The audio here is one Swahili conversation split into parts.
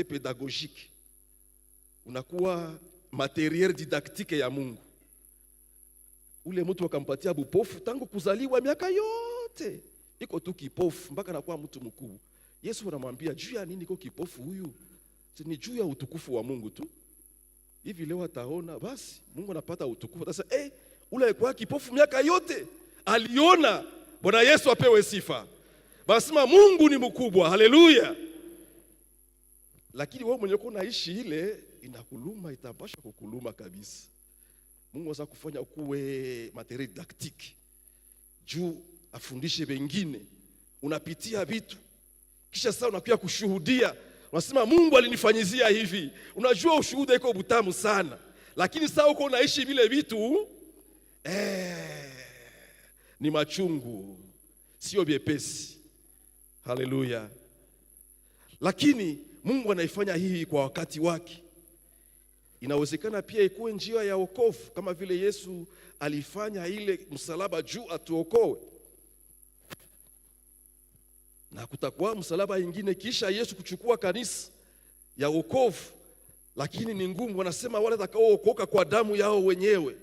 pedagogique, unakuwa materiel didaktike ya Mungu. Ule mtu akampatia bupofu tangu kuzaliwa, miaka yote iko tu kipofu mpaka nakuwa mtu mkubwa. Yesu anamwambia juu ya nini iko kipofu huyu? Ni juu ya utukufu wa Mungu tu. Hivi leo ataona, basi Mungu anapata utukufu. Sasa eh, ule alikuwa kipofu miaka yote aliona. Bwana Yesu apewe sifa. Basema Mungu ni mkubwa. Haleluya lakini wewe mwenyewe naishi ile inakuluma, itapasha kukuluma kabisa. Mungu aweza kufanya ukuwe materi didactique juu afundishe wengine, unapitia vitu kisha sasa unakuja kushuhudia, unasema Mungu alinifanyizia hivi. Unajua ushuhuda iko butamu sana, lakini sasa uko unaishi vile vitu eh, ni machungu, sio vyepesi. Haleluya! lakini Mungu anaifanya hii kwa wakati wake. Inawezekana pia ikuwe njia ya wokovu, kama vile Yesu alifanya ile msalaba juu atuokoe, na kutakuwa msalaba ingine kisha Yesu kuchukua kanisa ya wokovu, lakini ni ngumu. Wanasema wale watakaookoka kwa damu yao wenyewe,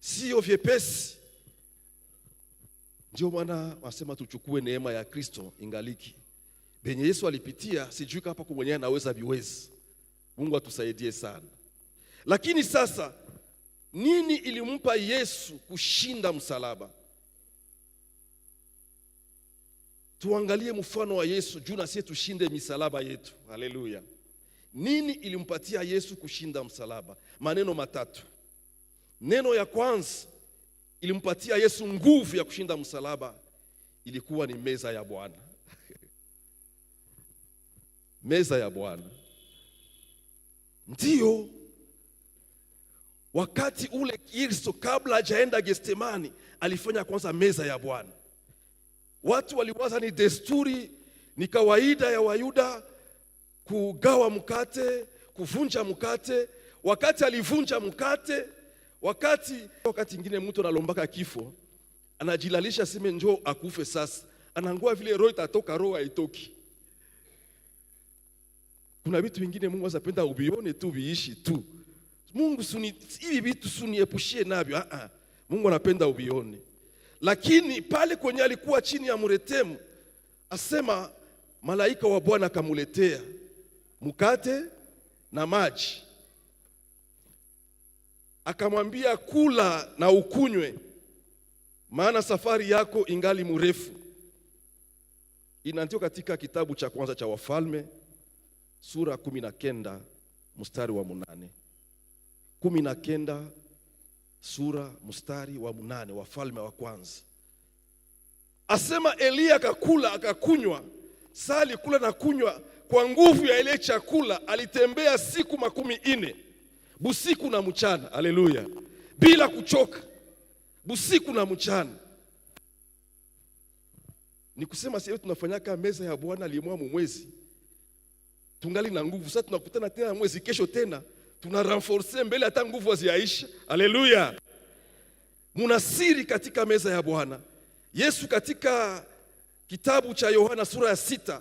sio vyepesi. Ndio maana wanasema tuchukue neema ya Kristo ingaliki venye Yesu alipitia, sijui kapa kwa naweza viwezi. Mungu atusaidie sana. Lakini sasa nini ilimpa Yesu kushinda msalaba? Tuangalie mfano wa Yesu juu na sisi tushinde misalaba yetu. Haleluya! Nini ilimpatia Yesu kushinda msalaba? Maneno matatu. Neno ya kwanza ilimpatia Yesu nguvu ya kushinda msalaba, ilikuwa ni meza ya Bwana meza ya Bwana. Ndiyo, wakati ule Kristo kabla hajaenda Getsemani alifanya kwanza meza ya Bwana. Watu waliwaza ni desturi, ni kawaida ya Wayuda kugawa mkate, kuvunja mkate. Wakati alivunja mkate, wakati wakati ingine mtu analombaka kifo, anajilalisha sime njoo akufe sasa, anangua vile roho itatoka, roho haitoki kuna vitu vingine Mungu azapenda uvione tu viishi tu. Mungu suni hivi vitu suniepushie navyo. Ah ah. Mungu anapenda uvione. Lakini pale kwenye alikuwa chini ya Muretemu asema malaika wa Bwana akamuletea mkate na maji, akamwambia kula na ukunywe, maana safari yako ingali murefu. Inaandikwa katika kitabu cha kwanza cha Wafalme sura kumi na kenda mstari wa munane kumi na kenda sura mstari wa munane Wafalme wa Kwanza asema Eliya akakula akakunywa, saa alikula na kunywa kwa nguvu ya ile chakula, alitembea siku makumi nne busiku na mchana, haleluya, bila kuchoka, busiku na mchana. Ni kusema sasa tunafanyaka meza ya Bwana alimwa mumwezi tungali na nguvu. Sasa tunakutana tena mwezi kesho tena tuna renforce mbele hata nguvu haziaisha. Haleluya! muna siri katika meza ya Bwana. Yesu katika kitabu cha Yohana sura ya sita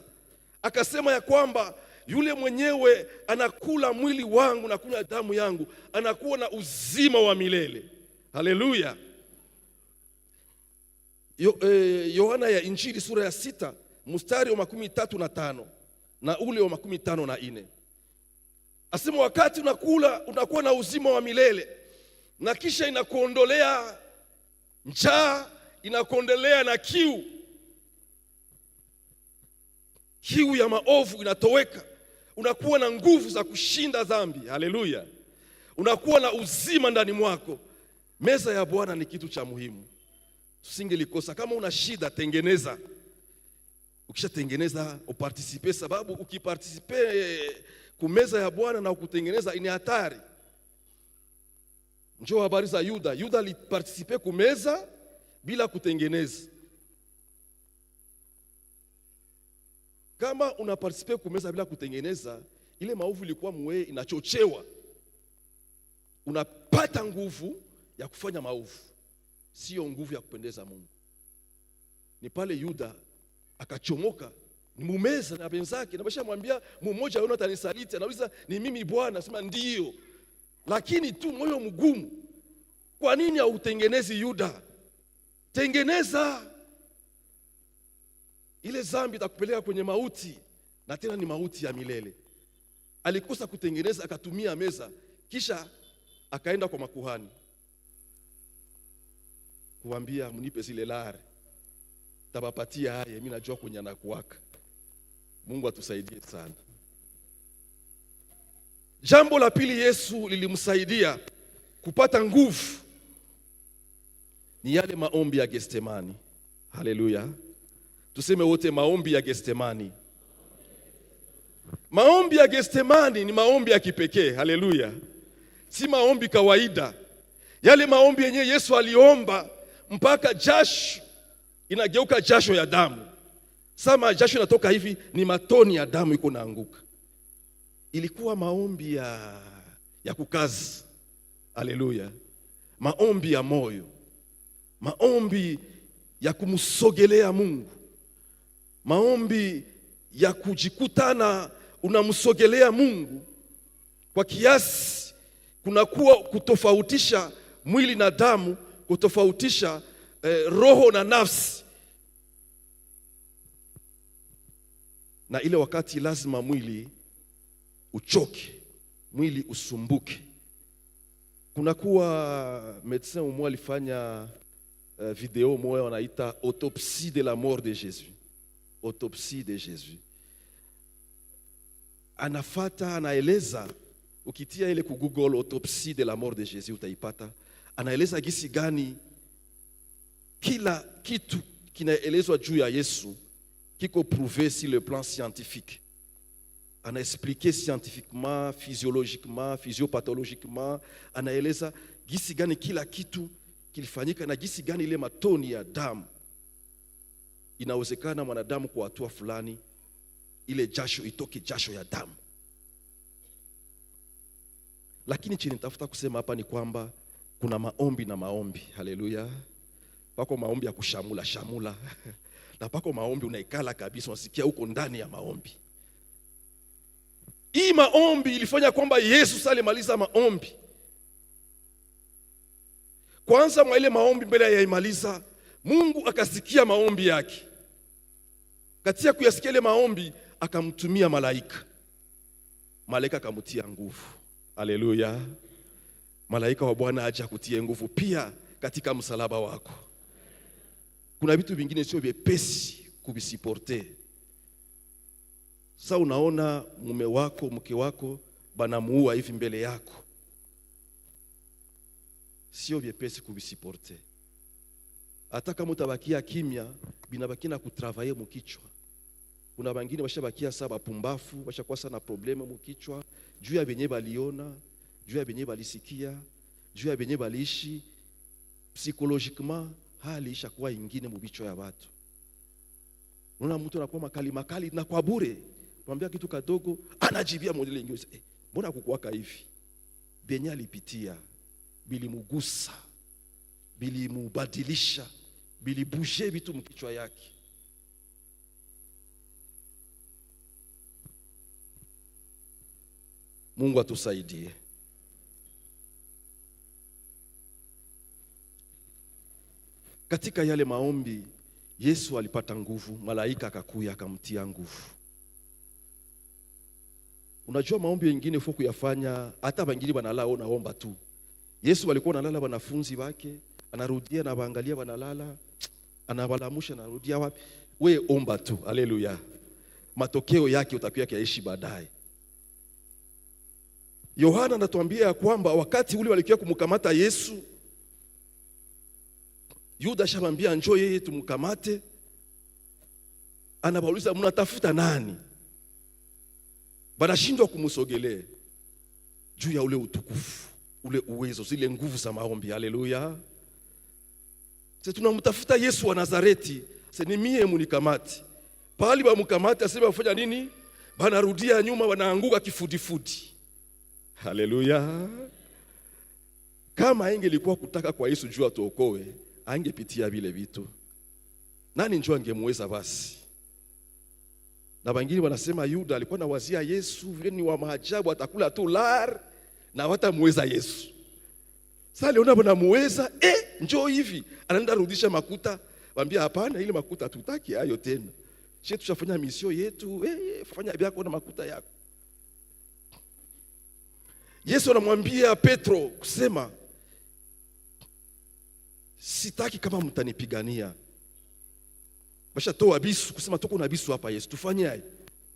akasema ya kwamba yule mwenyewe anakula mwili wangu na kunywa damu yangu anakuwa na uzima wa milele. Haleluya! Yohana eh, Yohana ya Injili sura ya sita mstari wa makumi tatu na tano na ule wa makumi tano na nne asema wakati unakula unakuwa na uzima wa milele na kisha inakuondolea njaa, inakuondolea na kiu. Kiu ya maovu inatoweka, unakuwa na nguvu za kushinda dhambi. Haleluya! unakuwa na uzima ndani mwako. Meza ya Bwana ni kitu cha muhimu, tusingelikosa. Kama una shida, tengeneza ukishatengeneza upartisipe, sababu ukipartisipe kumeza ya Bwana na ukutengeneza ni hatari. Njoo habari za Yuda. Yuda alipartisipe kumeza bila kutengeneza. Kama unapartisipe kumeza bila kutengeneza, ile maovu ilikuwa muweye inachochewa, unapata nguvu ya kufanya maovu, siyo nguvu ya kupendeza Mungu. Ni pale Yuda akachomoka nimumeza na wenzake, nabasha mwambia mmoja yona atanisaliti, anauliza ni mimi bwana? Sema ndio, lakini tu moyo mgumu. Kwa nini hautengenezi Yuda? Tengeneza ile zambi itakupeleka kwenye mauti, na tena ni mauti ya milele. Alikosa kutengeneza, akatumia meza, kisha akaenda kwa makuhani kuambia mnipe zile lare tabapatia haya, mimi najua kwenye anakuwaka. Mungu atusaidie sana. Jambo la pili Yesu lilimsaidia kupata nguvu ni yale maombi ya Gethsemani. Haleluya, tuseme wote maombi ya Gethsemani. Maombi ya Gethsemani ni maombi ya kipekee. Haleluya, si maombi kawaida. Yale maombi yenyewe Yesu aliomba mpaka jasho inageuka jasho ya damu. Sama jasho inatoka hivi, ni matoni ya damu iko naanguka. Ilikuwa maombi ya, ya kukazi. Haleluya, maombi ya moyo, maombi ya kumsogelea Mungu, maombi ya kujikutana unamsogelea Mungu kwa kiasi kunakuwa kutofautisha mwili na damu, kutofautisha eh, roho na nafsi, na ile wakati lazima mwili uchoke, mwili usumbuke. Kunakuwa medecin umoja alifanya uh, video moyo wanaita autopsie de la mort de jésus autopsie de jésus Anafata anaeleza, ukitia ile ku Google autopsie de la mort de jésus utaipata, anaeleza gisi gani kila kitu kinaelezwa juu ya Yesu kiko prouvé sur le plan scientifique, anaexplike scientifiquement, physiologiquement, physiopathologiquement, anaeleza gisi gani kila kitu kilifanyika na gisi gani ile matoni ya damu inawezekana mwanadamu kwa hatua fulani ile jasho itoke jasho ya damu. Lakini chini nitafuta kusema hapa ni kwamba kuna maombi na maombi. Haleluya! pako maombi ya kushamula shamula na pako maombi unaikala kabisa, unasikia huko ndani ya maombi. Hii maombi ilifanya kwamba Yesu alimaliza maombi kwanza, mwa ile maombi mbele yaimaliza, Mungu akasikia maombi yake. katia kuyasikia ile maombi, akamtumia malaika, malaika akamtia nguvu. Haleluya! Malaika wa Bwana aje akutie nguvu pia katika msalaba wako kuna vitu vingine sio vyepesi kuvisipote. Sasa unaona mume wako mke wako banamuua hivi mbele yako, sio vyepesi kuvisipote. Hata kama utabakia kimya, binabaki na kutravaye mukichwa. Kuna bangine washabakia saa bapumbafu, washakuwa sana probleme mukichwa juu ya benye baliona, juu ya benye balisikia, juu ya benye baliishi psychologiquement hali ishakuwa ingine mubicho ya watu. Unaona mtu anakuwa makali makali na kwa bure, kwambia kitu kadogo anajibia mwingine ingine. Eh, mbona kukuwaka hivi? Benye alipitia bilimugusa, bilimubadilisha, bilibuje vitu mkichwa yake. Mungu atusaidie. Katika yale maombi Yesu alipata nguvu, malaika akakuya akamtia nguvu. Unajua maombi mengine fo kuyafanya hata wengine banalala naomba tu. Yesu alikuwa analala wanafunzi wake, anarudia na waangalia wanalala, anawalamusha anarudia wapi? We omba tu. Haleluya. Matokeo yake utakuwa kiaishi baadaye. Yohana anatuambia ya kwamba wakati ule walikuwa kumkamata Yesu Yuda shamwambia njo yeye tumkamate. anabauliza mnatafuta nani? Banashindwa kumsogelea juu ya ule utukufu, ule uwezo, zile nguvu za maombi. Haleluya! Sasa tunamtafuta Yesu wa Nazareti. Sasa ni mie munikamati pali bamkamati, asema afanya nini? Banarudia nyuma, wanaanguka kifudifudi. Haleluya! Kama ingelikuwa kutaka kwa Yesu juu atuokoe angepitia vile vitu, nani njoo angemweza basi? Na wengine wanasema Yuda alikuwa na wazia Yesu vile ni wa maajabu, atakula tu lar na watamweza Yesu. Sasa aliona wanamuweza, eh, njoo hivi anaenda rudisha makuta, waambia hapana, ile makuta tutaki hayo tena, sie tushafanya misio yetu, eh, eh, fanya vyako na makuta yako. Yesu anamwambia Petro kusema sitaki kama mtanipigania. Bashatoa abisu kusema tuko na abisu hapa Yesu, tufanye aje?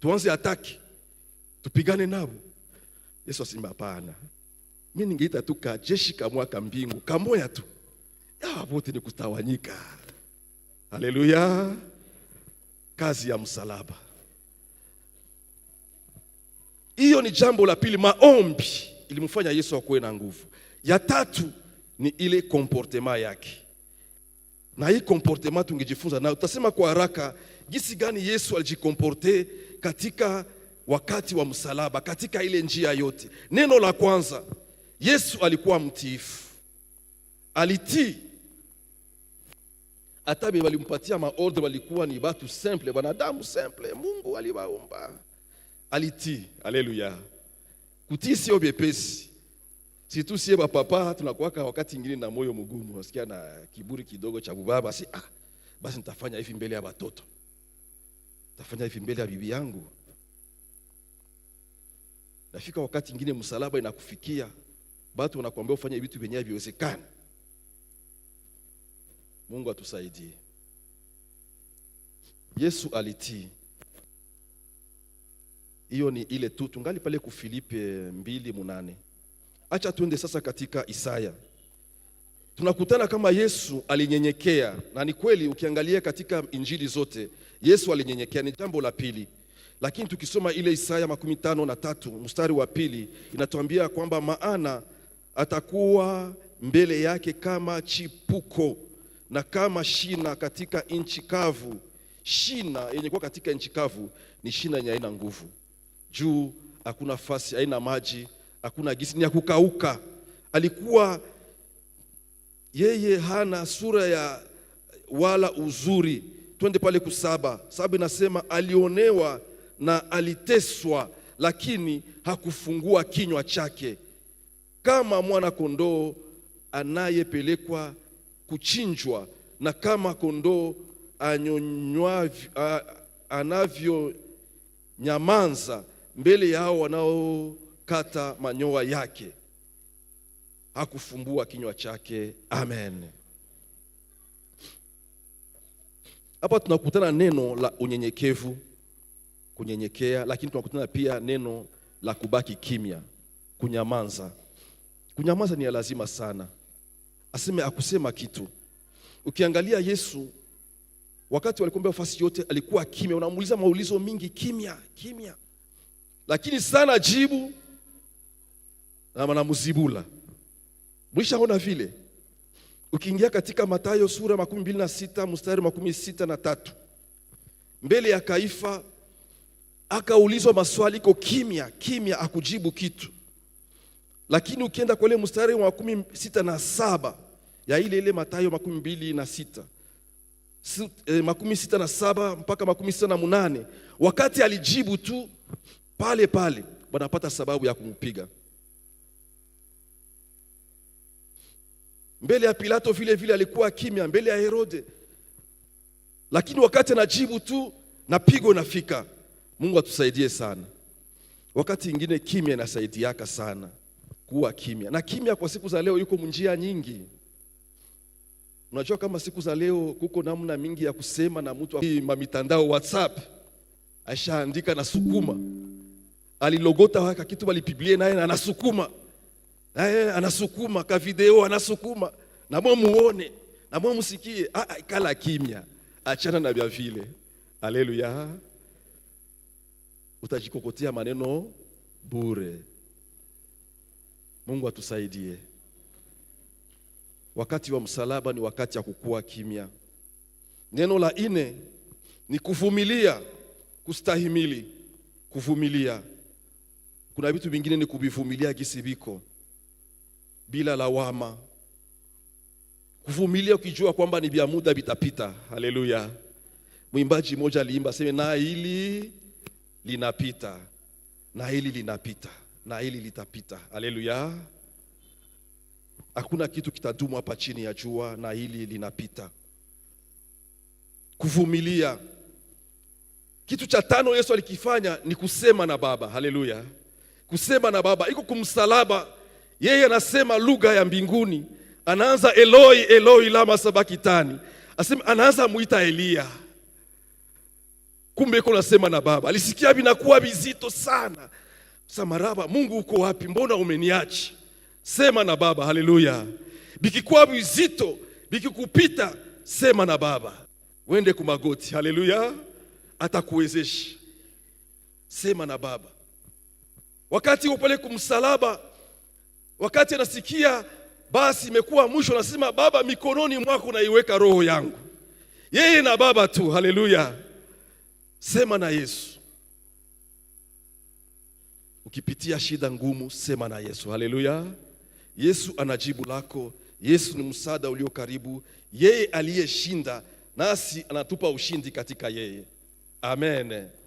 Tuanze ataki tupigane nabo? Yesu asimba hapana, mi ningeita tu kajeshi kamwa ka mbingu kamoya tu, wote ni kutawanyika. Haleluya, kazi ya msalaba hiyo. Ni jambo la pili, maombi ilimfanya Yesu akuwe na nguvu. Ya tatu ni ile komportema yake, na hii komportema tungejifunza nayo. utasema kwa haraka jinsi gani Yesu alijikomporte katika wakati wa msalaba, katika ile njia yote. Neno la kwanza, Yesu alikuwa mtiifu, alitii Atabe walimpatia maordre walikuwa ni batu simple, wanadamu simple, Mungu aliwaumba. Alitii. Haleluya! Kutii sio vyepesi, Si tu sie bapapa tunakuwaka wakati ingine na moyo mgumu, unasikia na kiburi kidogo cha bubaba, si ah, basi nitafanya hivi mbele ya watoto, nitafanya hivi mbele ya bibi yangu. Nafika wakati ingine msalaba inakufikia, batu wanakuambia ufanye vitu vyenye haviwezekani. Mungu atusaidie. Yesu alitii hiyo, ni ile tu tungali pale ku Filipi eh, mbili munane Acha tuende sasa katika Isaya. Tunakutana kama Yesu alinyenyekea, na ni kweli, ukiangalia katika injili zote Yesu alinyenyekea, ni jambo la pili. Lakini tukisoma ile Isaya makumi tano na tatu mstari wa pili inatuambia kwamba maana atakuwa mbele yake kama chipuko na kama shina katika nchi kavu. Shina yenye kuwa katika nchi kavu ni shina yenye haina nguvu, juu hakuna fasi haina maji hakuna gisi, ni ya kukauka. Alikuwa yeye hana sura ya wala uzuri. Twende pale kusaba sababu inasema alionewa na aliteswa, lakini hakufungua kinywa chake, kama mwana kondoo anayepelekwa kuchinjwa, na kama kondoo anavyo nyamanza mbele yao wanao kukata manyoa yake, hakufumbua kinywa chake. Amen. Hapa tunakutana neno la unyenyekevu, kunyenyekea, lakini tunakutana pia neno la kubaki kimya, kunyamaza. Kunyamaza ni ya lazima sana, aseme akusema kitu. Ukiangalia Yesu wakati walikombea fasi yote alikuwa kimya, unamuuliza maulizo mingi, kimya kimya, lakini sana jibu na mzibula Mwishaona vile, ukiingia katika matayo sura makumi mbili na sita mstari makumi sita na tatu mbele ya Kaifa akaulizwa maswali ko kimya kimya, akujibu kitu. Lakini ukienda kwa ile mstari wa makumi sita na saba ya ile ile matayo makumi mbili na sita eh, makumi sita na saba mpaka makumi sita na munane wakati alijibu tu pale pale, wanapata sababu ya kumpiga. Mbele ya Pilato vile vile alikuwa kimya, mbele ya Herode, lakini wakati anajibu tu na pigo nafika. Mungu atusaidie sana. Wakati ingine kimya inasaidiaka sana, kuwa kimya. Na kimya kwa siku za leo yuko njia nyingi. Unajua kama siku za leo kuko namna mingi ya kusema na mtu wa mitandao WhatsApp ashaandika na sukuma alilogota waka kitu walipiblie naye na anasukuma eh, anasukuma kavideo anasukuma, mwa muone, namwe msikie. Ah, ikala ah, kimya, achana na vya vile. Haleluya, utajikokotea maneno bure. Mungu atusaidie. Wakati wa msalaba ni wakati ya kukua kimya. Neno la ine ni kuvumilia, kustahimili, kuvumilia. Kuna vitu vingine ni kuvivumilia gisibiko bila lawama, kuvumilia ukijua kwamba ni vya muda vitapita. Haleluya! Mwimbaji mmoja aliimba sema, na hili linapita, na hili linapita, na hili litapita. Haleluya! Hakuna kitu kitadumu hapa chini ya jua, na hili linapita. Kuvumilia. Kitu cha tano Yesu alikifanya ni kusema na Baba. Haleluya! Kusema na Baba iko kumsalaba yeye anasema lugha ya mbinguni, anaanza Eloi Eloi lama sabakitani, asema anaanza muita Eliya, kumbe yuko nasema na Baba. Alisikia vinakuwa vizito sana, samaraba, Mungu uko wapi? Mbona umeniachi? Sema na Baba. Haleluya! vikikuwa vizito vikikupita, sema na Baba, wende kumagoti. Haleluya, atakuwezesha. Sema na Baba. Wakati upale kumsalaba Wakati anasikia basi imekuwa mwisho, anasema Baba, mikononi mwako naiweka roho yangu. Yeye na Baba tu. Haleluya, sema na Yesu. Ukipitia shida ngumu, sema na Yesu. Haleluya, Yesu ana jibu lako. Yesu ni msaada ulio karibu, yeye aliyeshinda, nasi anatupa ushindi katika yeye. Amen.